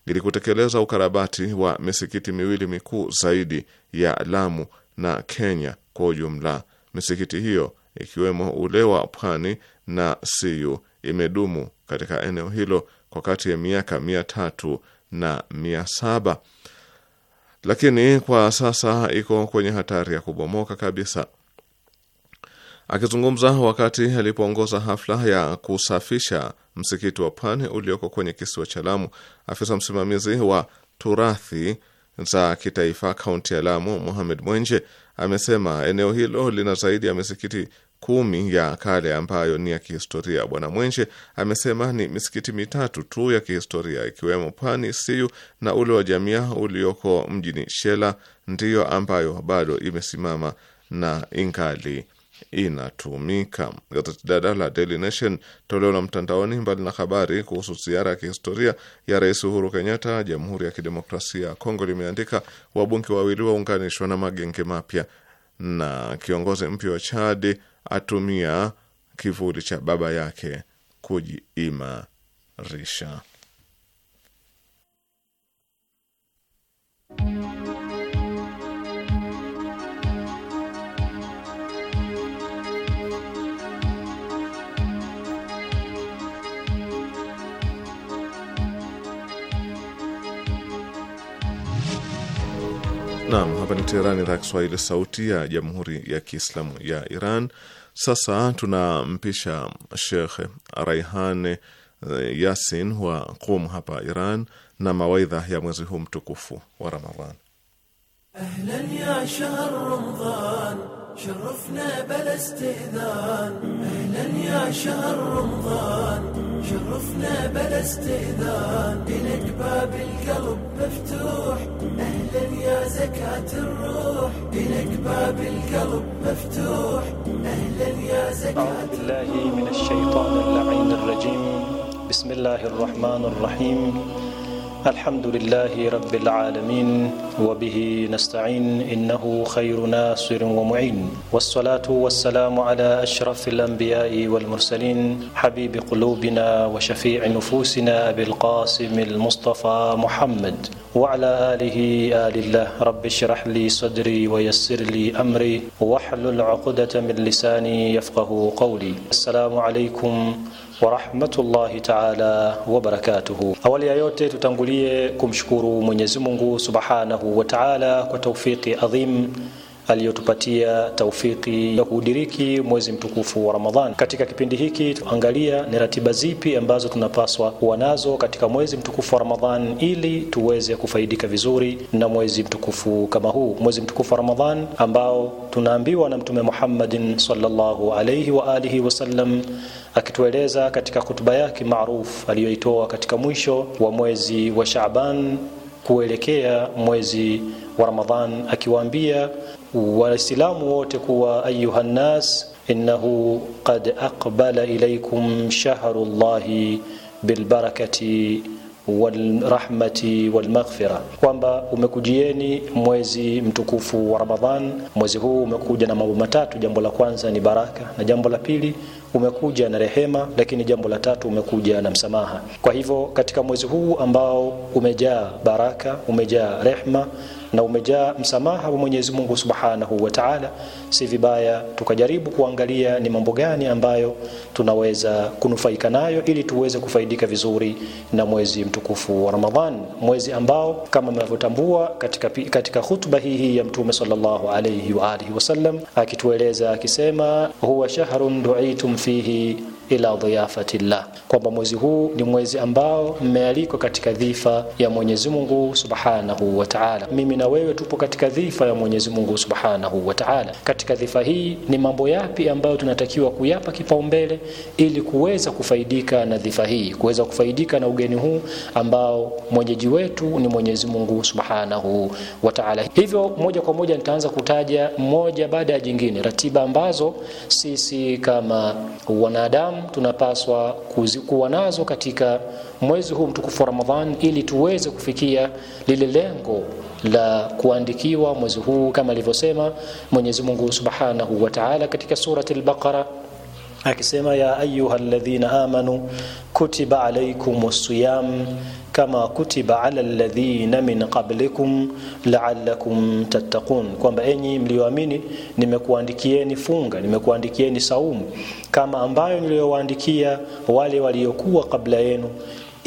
ili kutekeleza ukarabati wa misikiti miwili mikuu zaidi ya Lamu na Kenya kwa ujumla. Misikiti hiyo ikiwemo ule wa Pwani na Siyu imedumu katika eneo hilo kwa kati ya miaka mia tatu na mia saba lakini kwa sasa iko kwenye hatari ya kubomoka kabisa. Akizungumza wakati alipoongoza hafla ya kusafisha msikiti wa Pane ulioko kwenye kisiwa cha Lamu, afisa msimamizi wa turathi za kitaifa kaunti ya Lamu, Muhamed Mwenje amesema eneo hilo lina zaidi ya misikiti kumi ya kale ambayo ni ya kihistoria. Bwana Mwenje amesema ni misikiti mitatu tu ya kihistoria ikiwemo Pwani, Siyu na ule wa Jamia ulioko mjini Shela ndiyo ambayo bado imesimama na ingali inatumika. Gazeti dada la Daily Nation toleo la mtandaoni, mbali na habari kuhusu ziara ya kihistoria ya Rais Uhuru Kenyatta Jamhuri ya Kidemokrasia ya Kongo, limeandika wabunge wawili waunganishwa na magenge mapya, na kiongozi mpya wa Chadi atumia kivuli cha baba yake kujiimarisha. Naam, hapa ni Teherani, idhaa Kiswahili, sauti ya jamhuri ya kiislamu ya Iran. Sasa tunampisha Shekh Raihan eh, Yasin wa Qum hapa Iran na mawaidha ya mwezi huu mtukufu wa Ramadhan. Ahlan ya shahr Ramadhan, sharafna bila istidhan. Ahlan ya shahr Ramadhan, sharafna bila istidhan. Ilak مفتوح أهلا يا زكاة الروح إلك باب القلب مفتوح أهلا يا زكاة أعوذ بالله من الشيطان اللعين الرجيم بسم الله الرحمن الرحيم الحمد لله رب العالمين وبه نستعين إنه خير ناصر ومعين والصلاة والسلام على أشرف الأنبياء والمرسلين حبيب قلوبنا وشفيع نفوسنا بالقاسم المصطفى محمد وعلى آله آل الله رب اشرح لي صدري ويسر لي أمري واحلل عقدة من لساني يفقه قولي السلام عليكم wa rahmatullahi taala wa barakatuhu. Awali ya yote tutangulie kumshukuru Mwenyezi Mungu subhanahu wa taala kwa taufiki adhim aliyotupatia taufiki ya kuudiriki mwezi mtukufu wa Ramadhani. Katika kipindi hiki tuangalia ni ratiba zipi ambazo tunapaswa kuwa nazo katika mwezi mtukufu wa Ramadhani ili tuweze kufaidika vizuri na mwezi mtukufu kama huu, mwezi mtukufu wa Ramadhani ambao tunaambiwa na Mtume Muhammadin sallallahu alayhi wa alihi wasallam akitueleza katika hutuba yake maarufu aliyoitoa katika mwisho wa mwezi wa Shaaban kuelekea mwezi wa Ramadhan akiwaambia waislamu wote kuwa ayuha nnas innahu qad aqbala ilaikum shahru llahi bilbarakati walrahmati walmaghfira, kwamba umekujieni mwezi mtukufu wa Ramadhan. Mwezi huu umekuja na mambo matatu. Jambo la kwanza ni baraka, na jambo la pili umekuja na rehema, lakini jambo la tatu umekuja na msamaha. Kwa hivyo katika mwezi huu ambao umejaa baraka, umejaa rehma na umejaa msamaha wa Mwenyezi Mungu Subhanahu wa Ta'ala, si vibaya tukajaribu kuangalia ni mambo gani ambayo tunaweza kunufaika nayo ili tuweze kufaidika vizuri na mwezi mtukufu wa Ramadhan, mwezi ambao kama mnavyotambua katika, katika hutuba hii hii ya Mtume sallallahu alayhi wa alihi wasallam akitueleza akisema, huwa shahrun du'itum fihi ila dhiyafati llah, kwamba mwezi huu ni mwezi ambao mmealikwa katika dhifa ya Mwenyezi Mungu subhanahu wa Ta'ala. Mimi na wewe tupo katika dhifa ya Mwenyezi Mungu subhanahu wa Ta'ala. Katika dhifa hii ni mambo yapi ambayo tunatakiwa kuyapa kipaumbele ili kuweza kufaidika na dhifa hii, kuweza kufaidika na ugeni huu ambao mwenyeji wetu ni Mwenyezi Mungu subhanahu wa Ta'ala. Hivyo moja kwa moja nitaanza kutaja moja baada ya jingine ratiba ambazo sisi kama wanadamu tunapaswa kuwa nazo katika mwezi huu mtukufu wa Ramadhan ili tuweze kufikia lile lengo la kuandikiwa mwezi huu kama alivyosema Mwenyezi Mungu Subhanahu wa Ta'ala katika surati Al-Baqara akisema ya ayuha alladhina amanu kutiba alaykum siyam kama kutiba ala alladhina min qablikum la'allakum tattaqun, kwamba enyi mlioamini, nimekuandikieni funga, nimekuandikieni saumu kama ambayo niliyowaandikia wale waliokuwa kabla yenu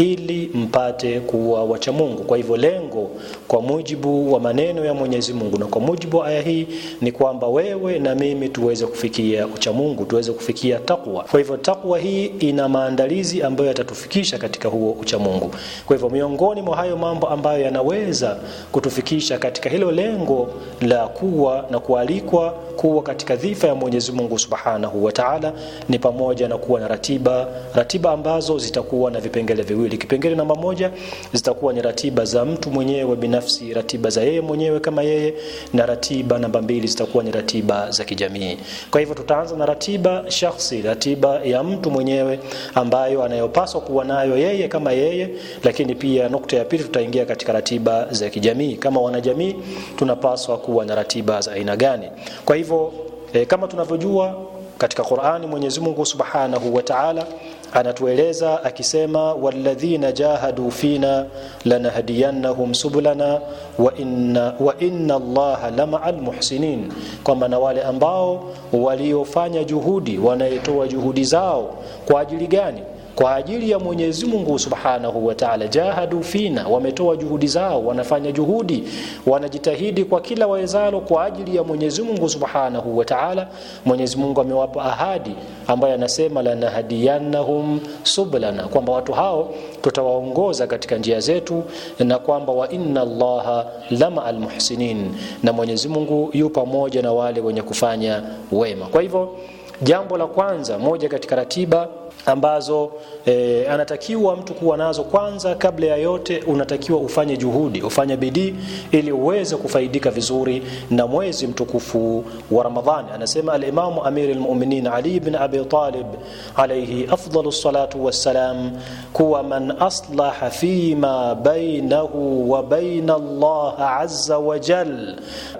ili mpate kuwa wacha Mungu. Kwa hivyo lengo kwa mujibu wa maneno ya Mwenyezi Mungu na kwa mujibu wa aya hii ni kwamba wewe na mimi tuweze kufikia ucha Mungu, tuweze kufikia takwa. Kwa hivyo takwa hii ina maandalizi ambayo yatatufikisha katika huo ucha Mungu. Kwa hivyo miongoni mwa hayo mambo ambayo yanaweza kutufikisha katika hilo lengo la kuwa na kualikwa kuwa katika dhifa ya Mwenyezi Mungu Subhanahu wa Ta'ala ni pamoja na kuwa na ratiba, ratiba ambazo zitakuwa na vipengele viwili mbili. Kipengele namba moja zitakuwa ni ratiba za mtu mwenyewe binafsi, ratiba za yeye mwenyewe kama yeye, na ratiba namba mbili zitakuwa ni ratiba za kijamii. Kwa hivyo tutaanza na ratiba shakhsi, ratiba ya mtu mwenyewe ambayo anayopaswa kuwa nayo yeye kama yeye, lakini pia nukta ya pili tutaingia katika ratiba za kijamii. Kama wanajamii tunapaswa kuwa na ratiba za aina gani? Kwa hivyo eh, kama tunavyojua katika Qur'ani Mwenyezi Mungu Subhanahu wa Ta'ala anatueleza akisema walladhina jahadu fina lanahdiyannahum subulana wa inna, wa inna allaha lamaa lmuhsinin, kwamba na wale ambao waliofanya juhudi wanayetoa juhudi zao kwa ajili gani? kwa ajili ya Mwenyezi Mungu Subhanahu wa Ta'ala. Jahadu fina, wametoa juhudi zao, wanafanya juhudi, wanajitahidi kwa kila wawezalo kwa ajili ya Mwenyezi Mungu Subhanahu wa Ta'ala. Mwenyezi Mungu amewapa ahadi ambayo anasema nahdiyanahum sublana, kwamba watu hao tutawaongoza katika njia zetu, na kwamba wa inna Allaha lama almuhsinin, na Mwenyezi Mungu yu pamoja na wale wenye kufanya wema. Kwa hivyo jambo la kwanza, moja katika ratiba ambazo e, anatakiwa mtu kuwa nazo. Kwanza kabla ya yote, unatakiwa ufanye juhudi, ufanye bidii ili uweze kufaidika vizuri na mwezi mtukufu wa Ramadhani. Anasema al imam Amir al-Mu'minin Ali ibn Abi Talib alayhi afdalus salatu wassalam, kuwa man aslaha fima bainahu wa baina Allah azza wa jal,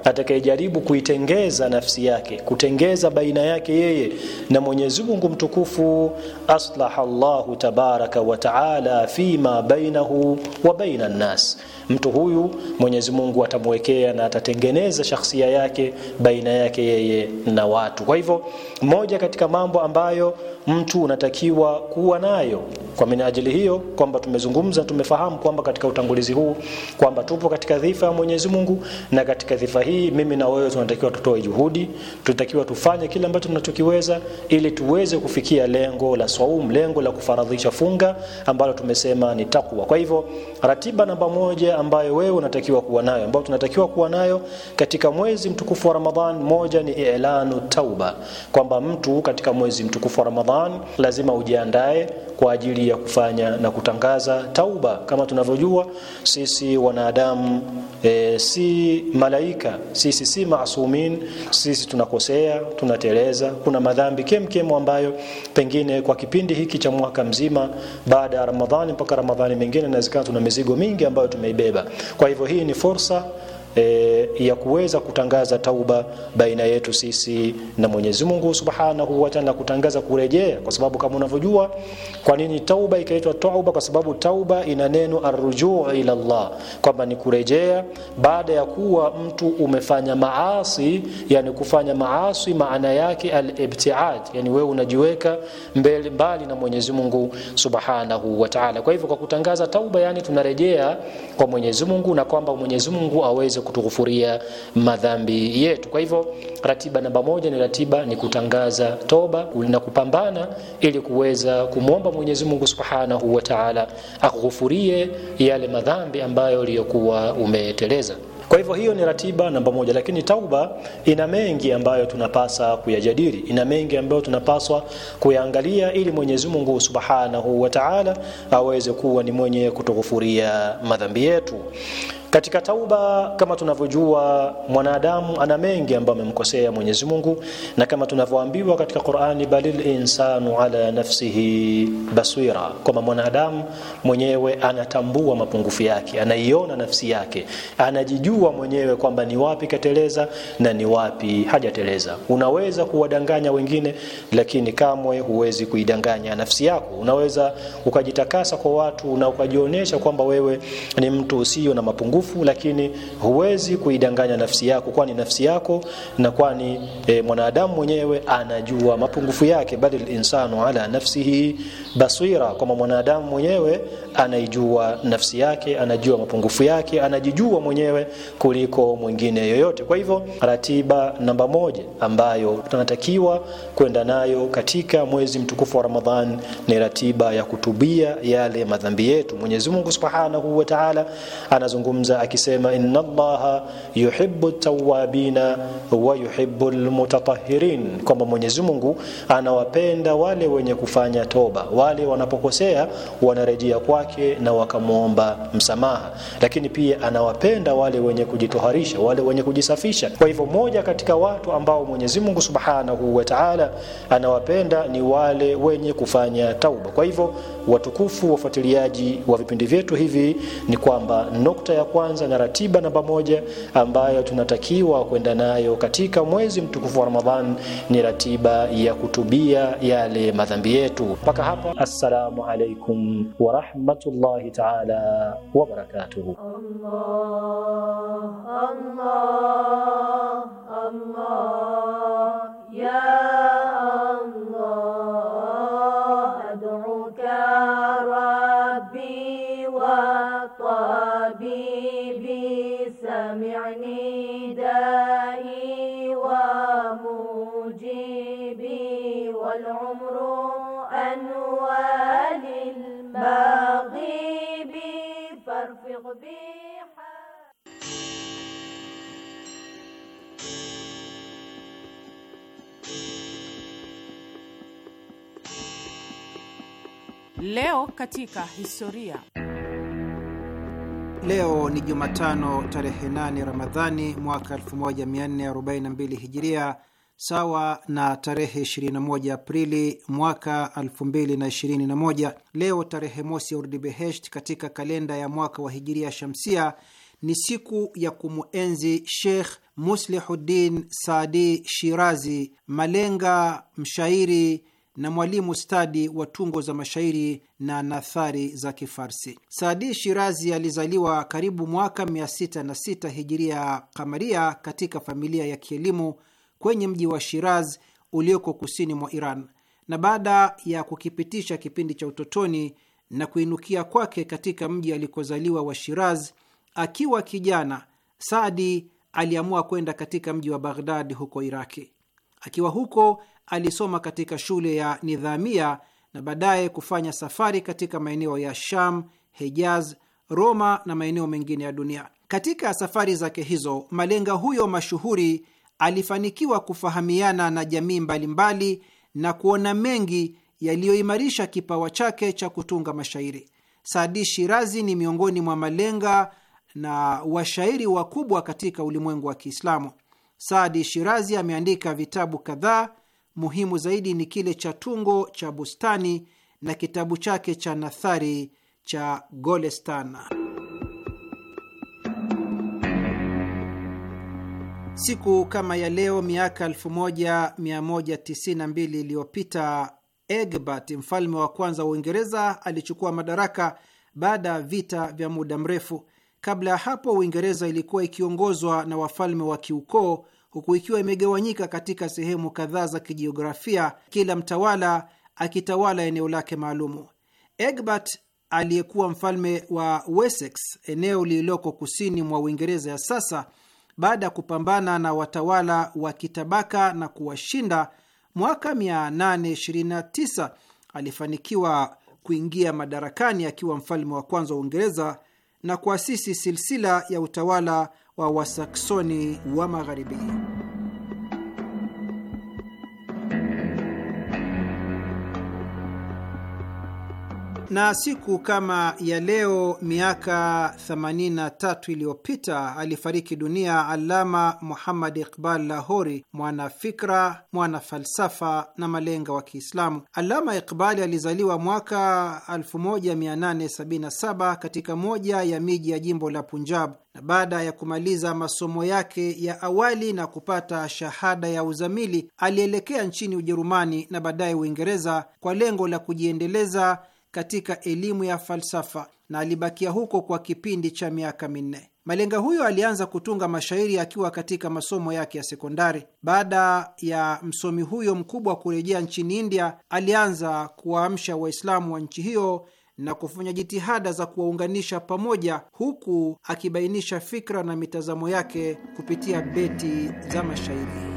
atakayejaribu kuitengeza nafsi yake, kutengeza baina yake yeye na Mwenyezi Mungu mtukufu aslaha llahu tabaraka wataala fi ma bainahu wa baina nnas, mtu huyu Mwenyezi Mungu atamwekea na atatengeneza shakhsia yake baina yake yeye na watu. Kwa hivyo moja katika mambo ambayo mtu unatakiwa kuwa nayo. Kwa minajili hiyo kwamba tumezungumza, tumefahamu kwamba katika utangulizi huu kwamba tupo katika dhifa ya Mwenyezi Mungu, na katika dhifa hii mimi na wewe tunatakiwa tutoe juhudi, tunatakiwa tufanye kile ambacho tunachokiweza ili tuweze kufikia lengo la saum, lengo la kufaradhisha funga ambalo tumesema ni takwa. Kwa hivyo ratiba namba moja ambayo wewe unatakiwa kuwa nayo, ambayo tunatakiwa kuwa nayo katika mwezi mtukufu wa Ramadhan, moja ni i'lanu tauba, kwamba mtu katika mwezi mtukufu wa Ramadhan Ramadhan lazima ujiandae kwa ajili ya kufanya na kutangaza tauba. Kama tunavyojua sisi wanadamu e, si malaika, sisi si maasumin, sisi tunakosea, tunateleza. Kuna madhambi kemkem ambayo pengine kwa kipindi hiki cha mwaka mzima baada ya Ramadhani mpaka Ramadhani mengine, inawezekana tuna mizigo mingi ambayo tumeibeba. Kwa hivyo hii ni fursa e, ya kuweza kutangaza tauba baina yetu sisi na Mwenyezi Mungu Subhanahu wa Ta'ala, kutangaza kurejea, kwa sababu kama unavyojua kwa nini tauba ikaitwa tauba, kwa sababu tauba ina neno arrujuu ila Allah, kwamba ni kurejea baada ya kuwa mtu umefanya maasi. Yani kufanya maasi maana yake al-ibtiad, yani wewe unajiweka mbele mbali na Mwenyezi Mungu Subhanahu wa Ta'ala. Kwa hivyo kwa kutangaza tauba, yani tunarejea kwa Mwenyezi Mungu na kwamba Mwenyezi Mungu aweze aweze kutughufuria madhambi yetu. Kwa hivyo ratiba namba moja ni ratiba ni kutangaza toba na kupambana ili kuweza kumwomba Mwenyezi Mungu Subhanahu wa Ta'ala akughufurie yale madhambi ambayo uliyokuwa umeteleza. Kwa hivyo hiyo ni ratiba namba moja, lakini tauba ina mengi ambayo tunapasa kuyajadili, ina mengi ambayo tunapaswa kuyaangalia ili Mwenyezi Mungu Subhanahu wa Ta'ala aweze kuwa ni mwenye kutughufuria madhambi yetu. Katika tauba kama tunavyojua mwanadamu ana mengi ambayo amemkosea Mwenyezi Mungu na kama tunavyoambiwa katika Qur'ani balil insanu ala nafsihi basira kwamba mwanadamu mwenyewe anatambua mapungufu yake anaiona nafsi yake anajijua mwenyewe kwamba ni wapi kateleza na ni wapi hajateleza unaweza kuwadanganya wengine lakini kamwe huwezi kuidanganya nafsi yako unaweza ukajitakasa kwa watu na ukajionyesha kwamba wewe ni mtu usio na mapungufu upungufu, lakini huwezi kuidanganya nafsi yako, kwani nafsi yako na kwani e, mwanadamu mwenyewe anajua mapungufu yake. Bali linsanu ala nafsihi basira, kwamba mwanadamu mwenyewe anaijua nafsi yake, anajua mapungufu yake, anajijua mwenyewe kuliko mwingine yoyote. Kwa hivyo ratiba namba moja ambayo tunatakiwa kwenda nayo katika mwezi mtukufu wa Ramadhani ni ratiba ya kutubia yale madhambi yetu. Mwenyezi Mungu Subhanahu wa Ta'ala anazungumza akizungumza akisema inna allaha yuhibbu tawabina wa yuhibbu lmutatahirin kwamba mwenyezi mungu anawapenda wale wenye kufanya toba wale wanapokosea wanarejea kwake na wakamwomba msamaha lakini pia anawapenda wale wenye kujitoharisha wale wenye kujisafisha kwa hivyo moja katika watu ambao mwenyezi mungu subhanahu wataala anawapenda ni wale wenye kufanya tauba kwa hivyo watukufu wafuatiliaji wa vipindi vyetu hivi ni kwamba nukta ya kwa kwanza na ratiba namba moja ambayo tunatakiwa kwenda nayo katika mwezi mtukufu wa Ramadhan ni ratiba ya kutubia yale madhambi yetu. Mpaka hapa, assalamu alaikum wa rahmatullahi taala wa barakatuh. Allah, Allah, Allah. Leo katika historia. Leo ni Jumatano tarehe 8 Ramadhani mwaka 1442 Hijiria, sawa na tarehe 21 Aprili mwaka 2021. Leo tarehe mosi ya Urdibehesht katika kalenda ya mwaka wa Hijiria Shamsia ni siku ya kumuenzi Sheikh Muslihuddin Saadi Shirazi, malenga, mshairi na mwalimu stadi wa tungo za mashairi na nathari za Kifarsi. Saadi Shirazi alizaliwa karibu mwaka 606 hijiria kamaria katika familia ya kielimu kwenye mji wa Shiraz ulioko kusini mwa Iran, na baada ya kukipitisha kipindi cha utotoni na kuinukia kwake katika mji alikozaliwa wa Shiraz, akiwa kijana Saadi aliamua kwenda katika mji wa Baghdad huko Iraki. Akiwa huko alisoma katika shule ya nidhamia na baadaye kufanya safari katika maeneo ya Sham, Hejaz, Roma na maeneo mengine ya dunia. Katika safari zake hizo, malenga huyo mashuhuri alifanikiwa kufahamiana na jamii mbalimbali mbali na kuona mengi yaliyoimarisha kipawa chake cha kutunga mashairi. Saadi Shirazi ni miongoni mwa malenga na washairi wakubwa katika ulimwengu wa Kiislamu. Saadi Shirazi ameandika vitabu kadhaa muhimu zaidi ni kile cha tungo cha bustani na kitabu chake cha nathari cha Golestan. Siku kama ya leo miaka 1192 iliyopita Egbert mfalme wa kwanza wa Uingereza alichukua madaraka baada ya vita vya muda mrefu. Kabla ya hapo, Uingereza ilikuwa ikiongozwa na wafalme wa kiukoo huku ikiwa imegawanyika katika sehemu kadhaa za kijiografia, kila mtawala akitawala eneo lake maalumu. Egbert aliyekuwa mfalme wa Wessex, eneo lililoko kusini mwa Uingereza ya sasa, baada ya kupambana na watawala wa kitabaka na kuwashinda mwaka 829 alifanikiwa kuingia madarakani akiwa mfalme wa kwanza wa Uingereza na kuasisi silsila ya utawala wa Wasaksoni wa Magharibi. Na siku kama ya leo miaka 83 iliyopita alifariki dunia Alama Muhammad Iqbal Lahori, mwanafikra, mwanafalsafa na malenga wa Kiislamu. Alama Iqbali alizaliwa mwaka 1877 katika moja ya miji ya jimbo la Punjab na baada ya kumaliza masomo yake ya awali na kupata shahada ya uzamili alielekea nchini Ujerumani na baadaye Uingereza kwa lengo la kujiendeleza katika elimu ya falsafa na alibakia huko kwa kipindi cha miaka minne. Malenga huyo alianza kutunga mashairi akiwa katika masomo yake ya sekondari. Baada ya msomi huyo mkubwa kurejea nchini India, alianza kuwaamsha Waislamu wa nchi hiyo na kufanya jitihada za kuwaunganisha pamoja, huku akibainisha fikra na mitazamo yake kupitia beti za mashairi.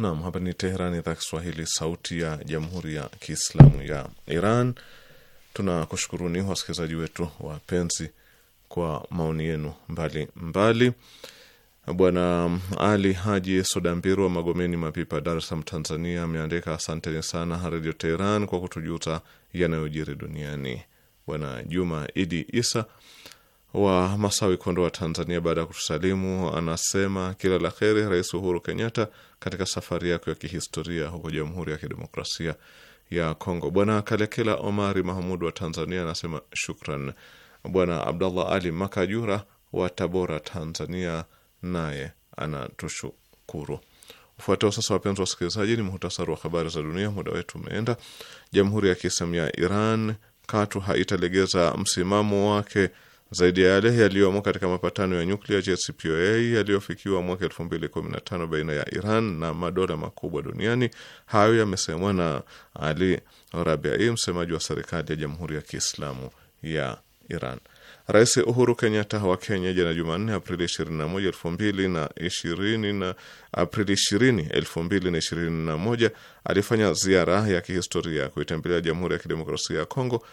Naam, hapa ni teheran idhaa Kiswahili, sauti ya jamhuri ya kiislamu ya Iran. Tunakushukuruni wasikilizaji wetu wapenzi kwa maoni yenu mbalimbali. Bwana Ali Haji Sodambiru wa Magomeni Mapipa, Dar es Salaam, Tanzania, ameandika asanteni sana Redio Teheran kwa kutujuza yanayojiri duniani. Bwana Juma Idi Isa wa Masawi, Kondoa, Tanzania, baada ya kutusalimu anasema kila la heri Rais Uhuru Kenyatta katika safari yako ya kihistoria huko Jamhuri ya Kidemokrasia ya Kongo. Bwana Kalekela Omari Mahmud wa Tanzania anasema shukran. Bwana Abdallah Ali Makajura wa Tabora, Tanzania naye anatushukuru. Ufuatao sasa, wapenzi wasikilizaji, ni muhtasari wa habari za dunia. Muda wetu umeenda. Jamhuri ya Kiislamu ya Iran katu haitalegeza msimamo wake zaidi ya yale yaliyomo katika mapatano ya nyuklia JCPOA yaliyofikiwa mwaka 2015 baina ya Iran na madola makubwa duniani. Hayo yamesemwa na Ali Rabiai, msemaji wa serikali ya Jamhuri ya Kiislamu ya Iran. Rais Uhuru Kenyatta wa Kenya jana Jumanne, Aprili 21, 2020 na Aprili 20, 2021 alifanya ziara ya kihistoria kuitembelea Jamhuri ya Kidemokrasia ya Kongo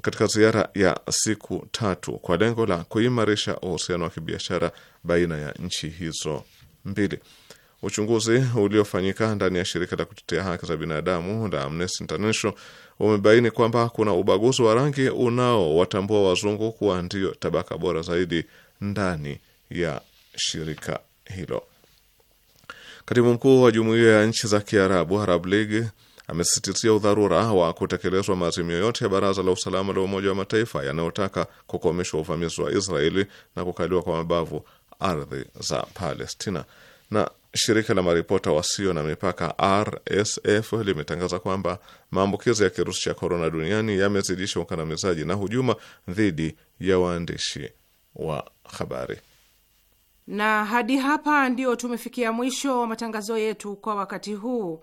katika ziara ya siku tatu kwa lengo la kuimarisha uhusiano wa kibiashara baina ya nchi hizo mbili. Uchunguzi uliofanyika ndani ya shirika la kutetea haki za binadamu la Amnesty International umebaini kwamba kuna ubaguzi wa rangi unaowatambua wazungu kuwa ndio tabaka bora zaidi ndani ya shirika hilo. Katibu mkuu wa jumuiya ya nchi za Kiarabu, Arab League amesisitizia udharura wa kutekelezwa maazimio yote ya Baraza la Usalama la Umoja wa Mataifa yanayotaka kukomeshwa uvamizi wa Israeli na kukaliwa kwa mabavu ardhi za Palestina. Na shirika la maripota wasio na mipaka RSF limetangaza kwamba maambukizi ya kirusi cha korona duniani yamezidisha ukandamizaji na hujuma dhidi ya waandishi wa habari. Na hadi hapa ndio tumefikia mwisho wa matangazo yetu kwa wakati huu.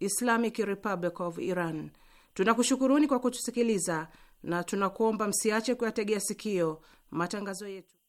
Islamic Republic of Iran. Tunakushukuruni kwa kutusikiliza na tunakuomba msiache kuyategea sikio matangazo yetu.